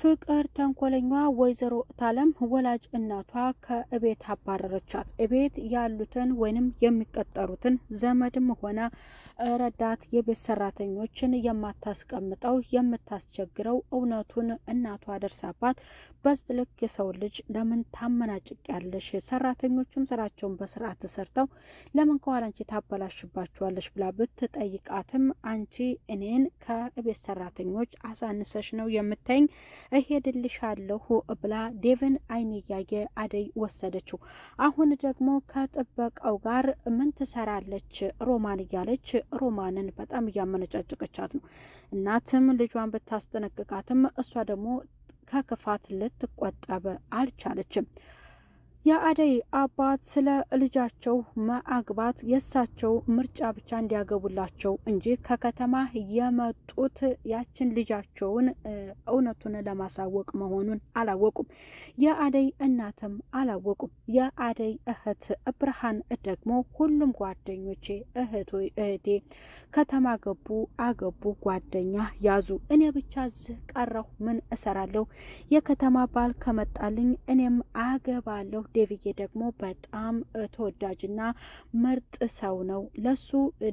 ፍቅር ተንኮለኛ ወይዘሮ እታለም ወላጅ እናቷ ከእቤት አባረረቻት። እቤት ያሉትን ወይንም የሚቀጠሩትን ዘመድም ሆነ ረዳት የቤት ሰራተኞችን የማታስቀምጠው የምታስቸግረው እውነቱን እናቷ ደርሳባት፣ በዚህ ልክ የሰው ልጅ ለምን ያለሽ ሰራተኞቹም ስራቸውን በስርዓት ሰርተው ለምን ከኋላ አንቺ ታበላሽባቸዋለሽ? ብላ ብትጠይቃትም አንቺ እኔን ከቤት ሰራተኞች አሳንሰሽ ነው የምታይኝ እሄድልሻለሁ ብላ ዴቭን አይን እያየ አደይ ወሰደችው። አሁን ደግሞ ከጥበቃው ጋር ምን ትሰራለች ሮማን እያለች ሮማንን በጣም እያመነጫጭቀቻት ነው። እናትም ልጇን ብታስጠነቅቃትም እሷ ደግሞ ከክፋት ልትቆጠብ አልቻለችም። የአደይ አባት ስለ ልጃቸው ማግባት የእሳቸው ምርጫ ብቻ እንዲያገቡላቸው እንጂ ከከተማ የመጡት ያችን ልጃቸውን እውነቱን ለማሳወቅ መሆኑን አላወቁም። የአደይ እናትም አላወቁም። የአደይ እህት ብርሃን ደግሞ ሁሉም ጓደኞቼ እህቴ ከተማ ገቡ፣ አገቡ፣ ጓደኛ ያዙ፣ እኔ ብቻ እዚህ ቀረሁ፣ ምን እሰራለሁ? የከተማ ባል ከመጣልኝ እኔም አገባለሁ ዴቪዬ ደግሞ በጣም ተወዳጅና ምርጥ ሰው ነው። ለሱ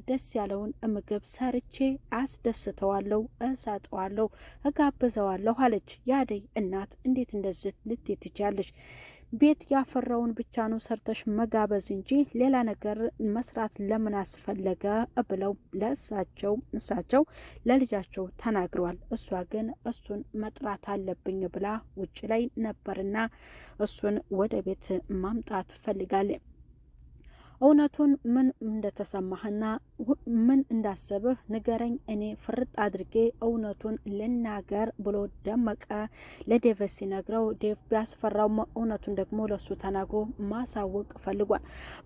ደስ ያለውን ምግብ ሰርቼ አስደስተዋለሁ፣ እሰጠዋለሁ፣ እጋብዘዋለሁ አለች። የአደይ እናት እንዴት እንደዚህ ልትይ ትችያለሽ? ቤት ያፈራውን ብቻ ነው ሰርተሽ መጋበዝ እንጂ ሌላ ነገር መስራት ለምን አስፈለገ ብለው ለእሳቸው እሳቸው ለልጃቸው ተናግረዋል። እሷ ግን እሱን መጥራት አለብኝ ብላ ውጭ ላይ ነበርና እሱን ወደ ቤት ማምጣት ፈልጋለ እውነቱን ምን እንደተሰማህና ምን እንዳሰብህ ንገረኝ፣ እኔ ፍርጥ አድርጌ እውነቱን ልናገር ብሎ ደመቀ ለዴቭ ሲነግረው ዴቭ ቢያስፈራው እውነቱን ደግሞ ለሱ ተናግሮ ማሳወቅ ፈልጓል።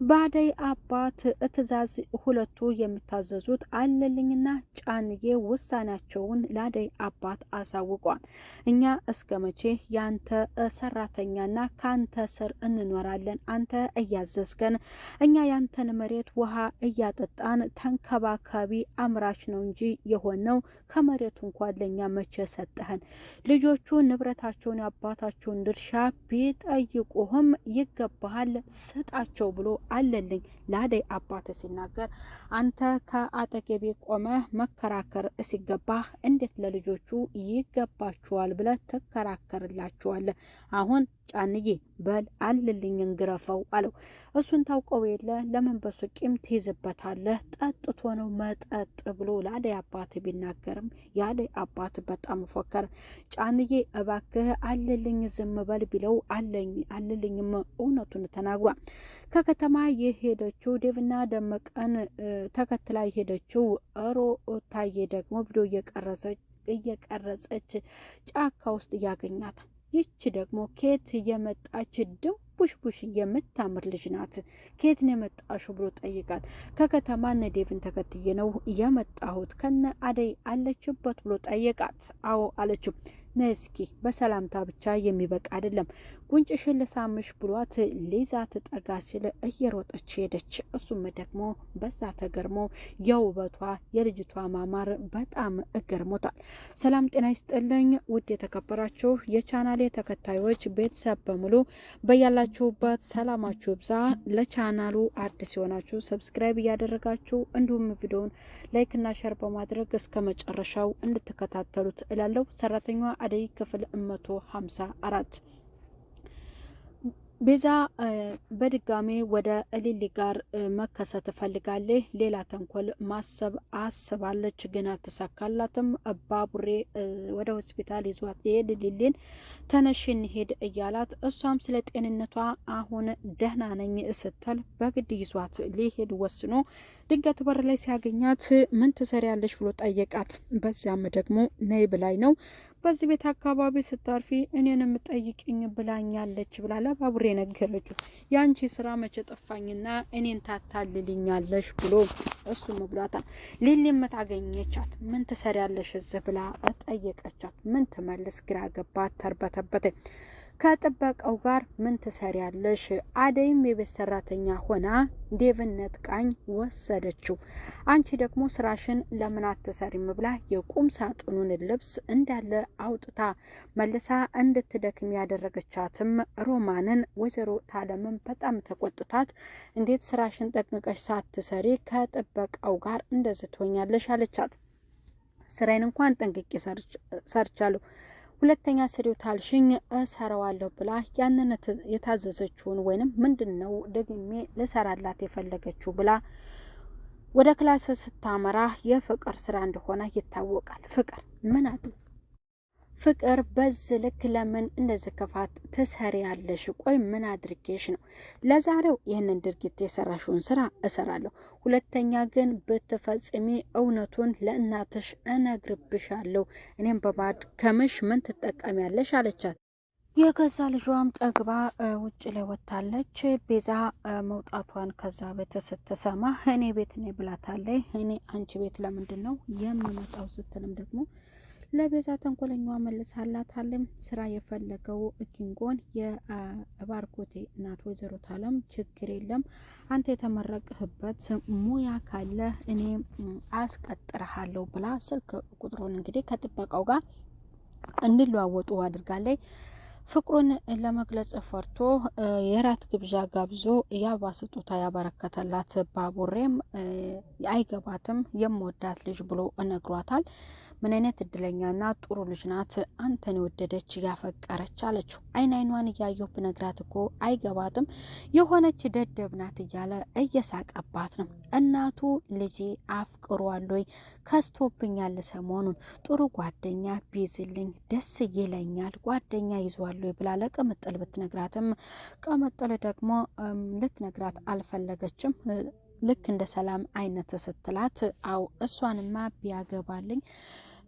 በአደይ አባት እትዛዝ ሁለቱ የሚታዘዙት አለልኝና ጫንዬ ውሳኔያቸውን ለአደይ አባት አሳውቋል። እኛ እስከ መቼ ያንተ ሰራተኛና ከአንተ ስር እንኖራለን? አንተ እያዘዝከን እኛ ያንተን መሬት ውሃ እያጠጣን ተንከባካቢ አምራች ነው እንጂ የሆነው ከመሬቱ እንኳን ለእኛ መቼ ሰጠህን? ልጆቹ ንብረታቸውን የአባታቸውን ድርሻ ቢጠይቁህም ይገባሃል ስጣቸው ብሎ አለልኝ ለአደይ አባት ሲናገር አንተ ከአጠገቤ ቆመ መከራከር ሲገባህ እንዴት ለልጆቹ ይገባቸዋል ብለ ትከራከርላቸዋለ አሁን ጫንዬ በል አልልኝ እንግረፈው አለው። እሱን ታውቀው የለ ለምን በሱ ቂም ትይዝበታለህ? ጠጥቶ ነው መጠጥ ብሎ ለአደይ አባት ቢናገርም የአደይ አባት በጣም ፎከር። ጫንዬ እባክህ አልልኝ ዝም በል ቢለው አልልኝም እውነቱን ተናግሯል። ከከተማ የሄደችው ዴቭና ደመቀን ተከትላ የሄደችው ሮታዬ ደግሞ ቪዲዮ እየቀረጸች ጫካ ውስጥ እያገኛታል። ይቺ ደግሞ ኬት የመጣች ቡሽ የምታምር ልጅ ናት። ኬት ነው የመጣሽው ብሎ ጠይቃት። ከከተማ እነ ዴቭን ተከትዬ ነው የመጣሁት ከነ አደይ አለችበት ብሎ ጠይቃት። አዎ አለችው። ነስኪ በሰላምታ ብቻ የሚበቃ አይደለም፣ ጉንጭሽን ልሳምሽ ብሏት ሊዛ ትጠጋ ሲል እየሮጠች ሄደች። እሱም ደግሞ በዛ ተገርሞ የውበቷ የልጅቷ ማማር በጣም እገርሞታል። ሰላም ጤና ይስጥልኝ ውድ የተከበራችሁ የቻናሌ ተከታዮች ቤተሰብ በሙሉ በያላችሁበት ሰላማችሁ ብዛ። ለቻናሉ አዲስ የሆናችሁ ሰብስክራይብ እያደረጋችሁ እንዲሁም ቪዲዮውን ላይክና ሸር በማድረግ እስከ መጨረሻው እንድትከታተሉት እላለሁ ሰራተኛ አደይ ክፍል 154 ቤዛ በድጋሜ ወደ እሊሊ ጋር መከሰት ትፈልጋለች። ሌላ ተንኮል ማሰብ አስባለች፣ ግን አትሳካላትም። ባቡሬ ወደ ሆስፒታል ይዟት ይሄድ ሊሊን ተነሽ እንሄድ እያላት እሷም ስለ ጤንነቷ አሁን ደህና ነኝ ስትል በግድ ይዟት ሊሄድ ወስኖ ድንገት በር ላይ ሲያገኛት ምን ትሰሪያለሽ ብሎ ጠየቃት። በዚያም ደግሞ ነይ ብላኝ ነው በዚህ ቤት አካባቢ ስታርፊ እኔን የምጠይቅኝ ብላኛለች ብላ ለባቡሬ ነገረችው። የአንቺ ስራ መቼ ጠፋኝና እኔን ታታልልኛለሽ ብሎ እሱ መብሏታል። ሊሊ ታገኘቻት። ምን ትሰሪያለሽ እዚህ ብላ ጠየቀቻት። ምን ትመልስ ግራ ገባት፣ ተርበተበተ ከጥበቃው ጋር ምን ትሰሪያለሽ? አደይም የቤት ሰራተኛ ሆና ዴቭን ነጥቃኝ ወሰደችው። አንቺ ደግሞ ስራሽን ለምን አትሰሪም ብላ የቁም ሳጥኑን ልብስ እንዳለ አውጥታ መልሳ እንድትደክም ያደረገቻትም ሮማንን ወይዘሮ ታለምን በጣም ተቆጥታት፣ እንዴት ስራሽን ጠንቅቀሽ ሳትሰሪ ከጥበቃው ጋር እንደዚህ ትሆኛለሽ አለቻት። ስራዬን እንኳን ጠንቅቄ ሰርቻለሁ ሁለተኛ ስሪው ታልሽኝ እሰራዋለሁ ብላ ያንን የታዘዘችውን ወይንም ምንድን ነው ደግሜ ልሰራላት የፈለገችው ብላ ወደ ክላስ ስታመራ የፍቅር ስራ እንደሆነ ይታወቃል። ፍቅር ምን ምናትም ፍቅር በዚህ ልክ ለምን እንደዚህ ክፋት ትሰሪያለሽ? ቆይ ምን አድርጌሽ ነው? ለዛሬው ይህንን ድርጊት የሰራሽውን ስራ እሰራለሁ። ሁለተኛ ግን ብትፈጽሚ እውነቱን ለእናትሽ እነግርብሻለሁ። እኔም በባድ ከምሽ ምን ትጠቀሚያለሽ አለቻት። የገዛ ልጇም ጠግባ ውጭ ላይ ወጥታለች። ቤዛ መውጣቷን ከዛ ቤት ስትሰማ እኔ ቤት ነኝ ብላታለች። እኔ አንቺ ቤት ለምንድን ነው የምመጣው ስትልም ደግሞ ለቤዛ ተንኮለኛዋ መልሳላታለም። ስራ የፈለገው እኪንጎን የባርኮቴ እናት ወይዘሮ ታለም ችግር የለም አንተ የተመረቅህበት ሙያ ካለ እኔ አስቀጥረሃለሁ ብላ ስልክ ቁጥሩን እንግዲህ ከጥበቃው ጋር እንለዋወጡ አድርጋለች። ፍቅሩን ለመግለጽ ፈርቶ የራት ግብዣ ጋብዞ ያባ ስጦታ ያበረከተላት ባቡሬም አይገባትም የምወዳት ልጅ ብሎ እነግሯታል። ምን አይነት እድለኛና ጥሩ ልጅ ናት አንተን የወደደች ያፈቀረች አለችው። አይን አይኗን እያየሁ ብነግራት እኮ አይገባትም የሆነች ደደብ ናት እያለ እየሳቀባት ነው። እናቱ ልጄ አፍቅሯል ወይ ከስቶብኛል፣ ሰሞኑን ጥሩ ጓደኛ ቢዝልኝ ደስ ይለኛል፣ ጓደኛ ይዟል ይችላሉ ብላ ለቅምጥል ብትነግራትም ቀመጠል ደግሞ ልትነግራት አልፈለገችም። ልክ እንደ ሰላም አይነት ስትላት አው እሷንማ ቢያገባልኝ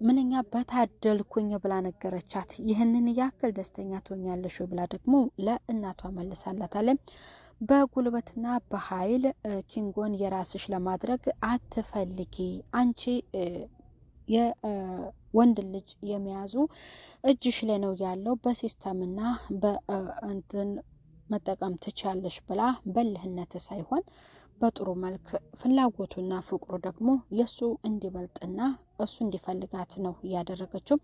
ምንኛ በታደልኩኝ ብላ ነገረቻት። ይህንን ያክል ደስተኛ ትሆኛለሽ ብላ ደግሞ ለእናቷ መልሳላታለች። በጉልበትና በኃይል ኪንጎን የራስሽ ለማድረግ አትፈልጊ አንቺ ወንድ ልጅ የመያዙ እጅሽ ላይ ነው ያለው በሲስተምና በእንትን መጠቀም ትችያለሽ ብላ በልህነት ሳይሆን በጥሩ መልክ ፍላጎቱና ፍቅሩ ደግሞ የእሱ እንዲበልጥና እሱ እንዲፈልጋት ነው እያደረገችው።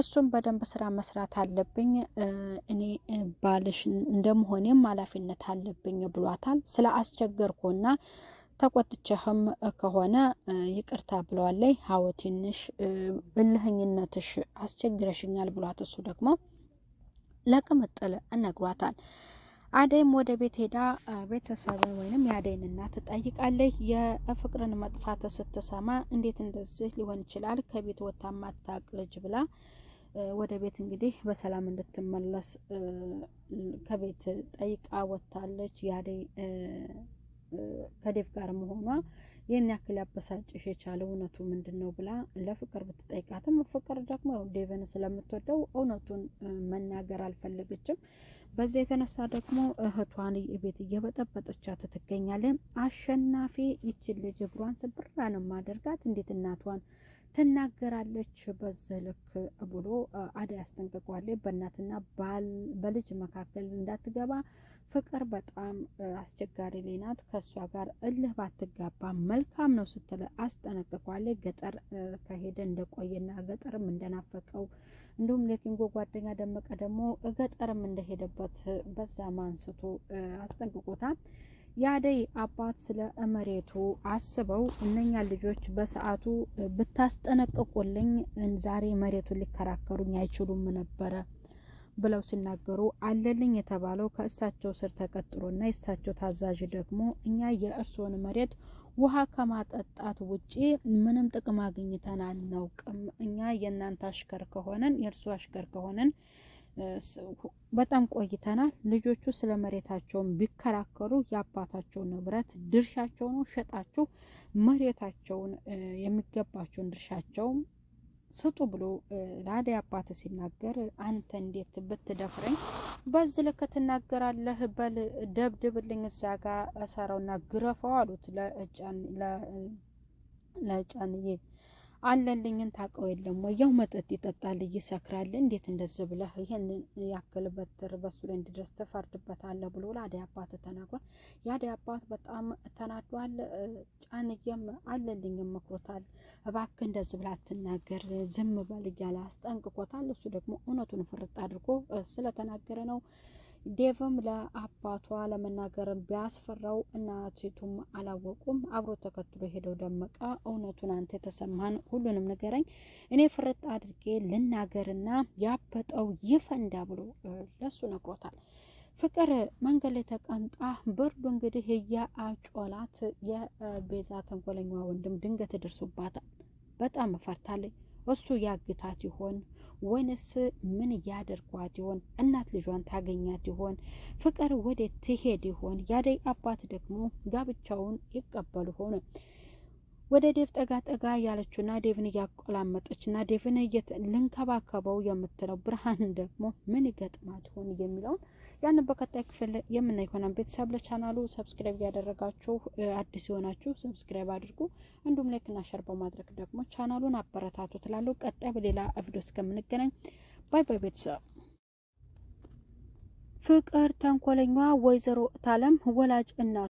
እሱም በደንብ ስራ መስራት አለብኝ እኔ ባልሽ እንደመሆኔም ኃላፊነት አለብኝ ብሏታል። ስለ አስቸገርኩና ተቆጥቼህም ከሆነ ይቅርታ ብለዋለይ። ሀዎ ትንሽ እልህኝነትሽ አስቸግረሽኛል ብሏት እሱ ደግሞ ለቅምጥል እነግሯታል። አደይም ወደ ቤት ሄዳ ቤተሰብን ወይንም የአደይን እናት ጠይቃለች የፍቅርን መጥፋት ስትሰማ እንዴት እንደዚህ ሊሆን ይችላል ከቤት ወታ ማታቅ ልጅ ብላ ወደ ቤት እንግዲህ በሰላም እንድትመለስ ከቤት ጠይቃ ወጥታለች። የአደይ ከዴቭ ጋር መሆኗ ይህን ያክል ያበሳጭሽ የቻለ እውነቱ ምንድን ነው ብላ ለፍቅር ብትጠይቃትም ፍቅር ደግሞ ዴቭን ስለምትወደው እውነቱን መናገር አልፈለገችም። በዚያ የተነሳ ደግሞ እህቷን ቤት እየበጠበጠቻት ትገኛለች። አሸናፊ ይች ልጅ እግሯን ስብራ ነው ማደርጋት፣ እንዴት እናቷን ትናገራለች በዚህ ልክ ብሎ አደይ ያስጠንቅቋል። በእናትና በልጅ መካከል እንዳትገባ ፍቅር በጣም አስቸጋሪ ላይ ናት። ከእሷ ጋር እልህ ባትጋባ መልካም ነው ስትል አስጠነቅቋል። ገጠር ከሄደ እንደቆየና ገጠርም እንደናፈቀው እንዲሁም ለኪንጎ ጓደኛ ደመቀ ደግሞ ገጠርም እንደሄደበት በዛም አንስቶ አስጠንቅቆታል። የአደይ አባት ስለ እመሬቱ አስበው እነኛ ልጆች በሰዓቱ ብታስጠነቅቁልኝ ዛሬ መሬቱን ሊከራከሩኝ አይችሉም ነበረ ብለው ሲናገሩ አለልኝ የተባለው ከእሳቸው ስር ተቀጥሮና የእሳቸው ታዛዥ ደግሞ እኛ የእርስዎን መሬት ውሃ ከማጠጣት ውጪ ምንም ጥቅም አግኝተን አናውቅም። እኛ የእናንተ አሽከር ከሆነን የእርሱ አሽከር ከሆነን በጣም ቆይተናል። ልጆቹ ስለ መሬታቸውን ቢከራከሩ የአባታቸው ንብረት ድርሻቸው ነው። ሸጣችሁ መሬታቸውን የሚገባቸውን ድርሻቸው ስጡ ብሎ ለአደይ አባት ሲናገር አንተ እንዴት ብትደፍረኝ በዚህ ልክ ትናገራለህ? በል ደብድብልኝ፣ እዛ ጋ እሰራውና ግረፈው አሉት ለጫን ለጫንዬ አለልኝን ታውቀው የለም ወይ? ያው መጠጥ ይጠጣል ይሰክራል። እንዴት እንደዚህ ብለህ ይህን ያክል በትር በሱ ላይ እንዲደርስ ትፈርድበታለህ ብሎ ለአደይ አባት ተናግሯል። የአደይ አባት በጣም ተናዷል። ጫንዬም አለልኝም መክሮታል። እባክህ እንደዚህ ብላ አትናገር፣ ዝም በል እያለ አስጠንቅቆታል። እሱ ደግሞ እውነቱን ፍርጥ አድርጎ ስለተናገረ ነው ዴቭም ለአባቷ ለመናገርም ቢያስፈራው እናቲቱም አላወቁም። አብሮ ተከትሎ ሄደው ደመቃ እውነቱን አንተ የተሰማን ሁሉንም ንገረኝ፣ እኔ ፍርጥ አድርጌ ልናገርና ያበጠው ይፈንዳ ብሎ ለሱ ነግሮታል። ፍቅር መንገድ ላይ ተቀምጣ ብርዱ እንግዲህ የአጮላት የቤዛ ተንኮለኛ ወንድም ድንገት ደርሶባታል። በጣም እፈርታለኝ እሱ ያግታት ይሆን ወይንስ ምን እያደርጓት ይሆን? እናት ልጇን ታገኛት ይሆን? ፍቅር ወደ ትሄድ ይሆን? ያደይ አባት ደግሞ ጋብቻውን ይቀበሉ ሆነ? ወደ ዴቭ ጠጋ ጠጋ ያለችውና ዴቭን እያቆላመጠችና ዴቭን ልንከባከበው የምትለው ብርሃን ደግሞ ምን ገጥማት ይሆን የሚለውን ያንን በቀጣይ ክፍል የምናይ ይሆናል። ቤተሰብ ለቻናሉ ሰብስክራይብ ያደረጋችሁ አዲስ የሆናችሁ ሰብስክራይብ አድርጉ። እንዲሁም እና ሸር በማድረግ ደግሞ ቻናሉን አበረታቱ ትላለሁ። ቀጣይ በሌላ ቪዲዮ እስከምንገናኝ ባይ ባይ ቤተሰብ። ፍቅር ተንኮለኛ ወይዘሮ እታለም ወላጅ እና